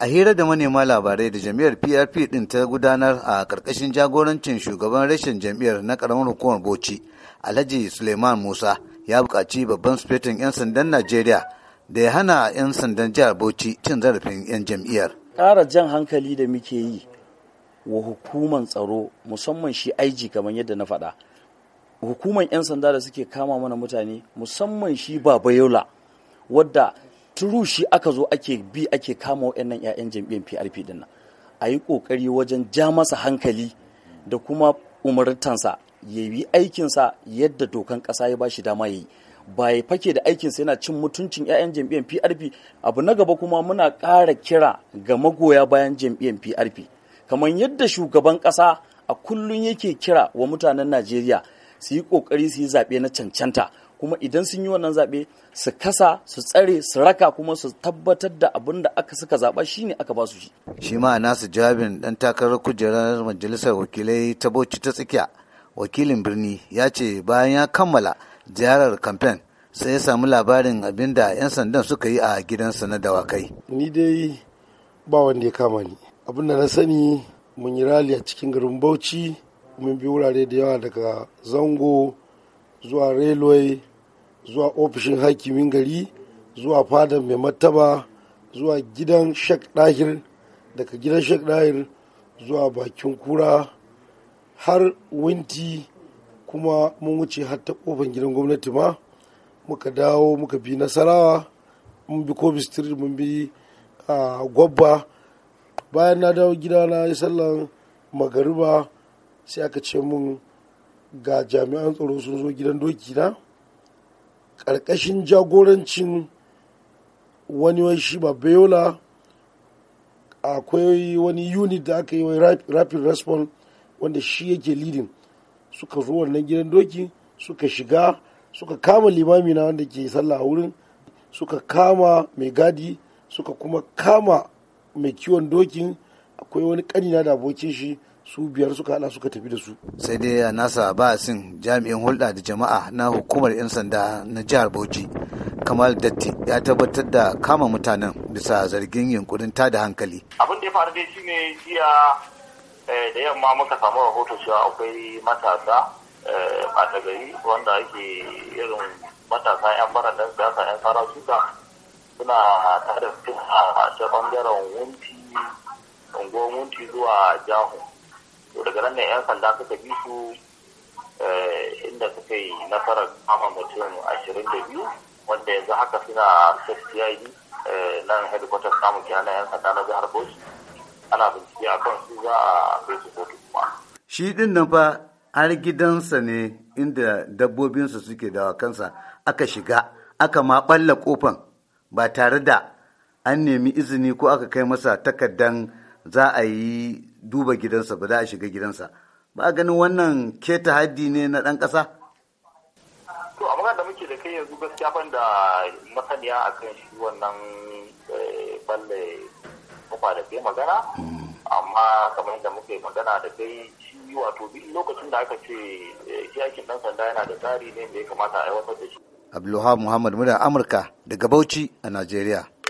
a hira da manema labarai da jam'iar prp din ta gudanar a karkashin jagorancin shugaban rashin jam'iyyar na karamar hukumar bauchi alhaji suleiman musa ya buƙaci babban sufetin 'yan sandan najeriya da ya hana 'yan sandan jihar bauchi cin zarafin 'yan jam'iyyar ƙara jan hankali da muke yi wa hukuman tsaro musamman shi aiji kamar yadda na faɗa hukumar 'yan sanda da suke kama mana mutane musamman shi baba yola wadda turu shi aka zo ake bi ake kama waɗannan 'ya'yan jam'iyyar PRP din nan a yi ƙoƙari wajen ja masa hankali da kuma umartansa ya yi aikinsa yadda dokan ƙasa ya ba shi dama ya yi ba ya fake da aikinsa yana cin mutuncin 'ya'yan jam'iyyar PRP abu na gaba kuma muna ƙara kira ga magoya bayan jam'iyyar PRP kamar yadda shugaban ƙasa a kullum yake kira wa mutanen Najeriya su yi ƙoƙari su yi zaɓe na cancanta kuma idan sun yi wannan zaɓe su kasa su tsare su raka kuma su tabbatar da abin da aka suka zaɓa shi ne aka ba su shi shi ma nasu jawabin dan takarar kujerar majalisar wakilai ta bauchi ta tsakiya wakilin birni ya ce bayan ya kammala ziyarar kamfen sai ya samu labarin abin da 'yan sandan suka yi a gidansa na dawakai ni dai ba wanda ya kama ni abin da na sani mun yi rali a cikin garin bauchi mun bi wurare da yawa daga zango zuwa railway zuwa ofishin hakimin gari zuwa fadar mai martaba zuwa gidan shek dahir daga gidan shek dahir zuwa bakin kura har winti kuma mun wuce har ta gidan gwamnati ma muka dawo muka bi nasarawa mun bi kobi street mun bi gwabba bayan na dawo gida na yi sallan magariba sai aka ce mun ga jami'an tsaro sun zo gidan doki na ƙarƙashin jagorancin wani shi bayola akwai wani unit da aka yi wai rapid response wanda shi yake leading suka zo wannan gidan doki suka shiga suka kama limami na wanda ke sallah a wurin suka kama mai gadi suka kuma kama mai kiwon dokin akwai wani kanina da abokin shi su biyar suka hada suka tafi da su sai dai a nasa ba sin jami'in hulɗa da jama'a na hukumar 'yan sanda na jihar bauchi kamal datti ya tabbatar da kama mutanen bisa zargin yunkurin tada hankali abin da ya faru dai shine jiya eh, da yamma muka samu rahoto cewa akwai matasa eh, ɓata gari wanda ake irin matasa 'yan da gasa 'yan fara suka suna tare da a bangaren wunti unguwar wunti zuwa jahun to daga nan ne yan sanda suka bi su eh, inda suka yi nasarar kama mutum ashirin da biyu wanda yanzu haka suna cid eh, nan headquarters samun kyanar yan sanda na jihar bauchi ana bincike a kan su za a kai su kotu kuma shi din nan fa har gidansa ne inda dabbobinsa suke da kansa aka shiga aka ma balla kofan ba tare da an nemi izini ko aka kai masa takardan za a yi duba gidansa ba za a shiga gidansa ba ganin wannan keta haddi ne na ɗan ƙasa? to a da muke da kai yanzu gaskiya ban da masaniya a kan shi wannan eh, balle kuma da kai magana mm. amma kamar da muke magana da kai shi wato lokacin da aka ce eh, shi aikin ɗan sanda yana da tsari ne da ya kamata a aiwatar da shi. Abdulhamu Muhammad muna Amurka daga Bauchi a Najeriya.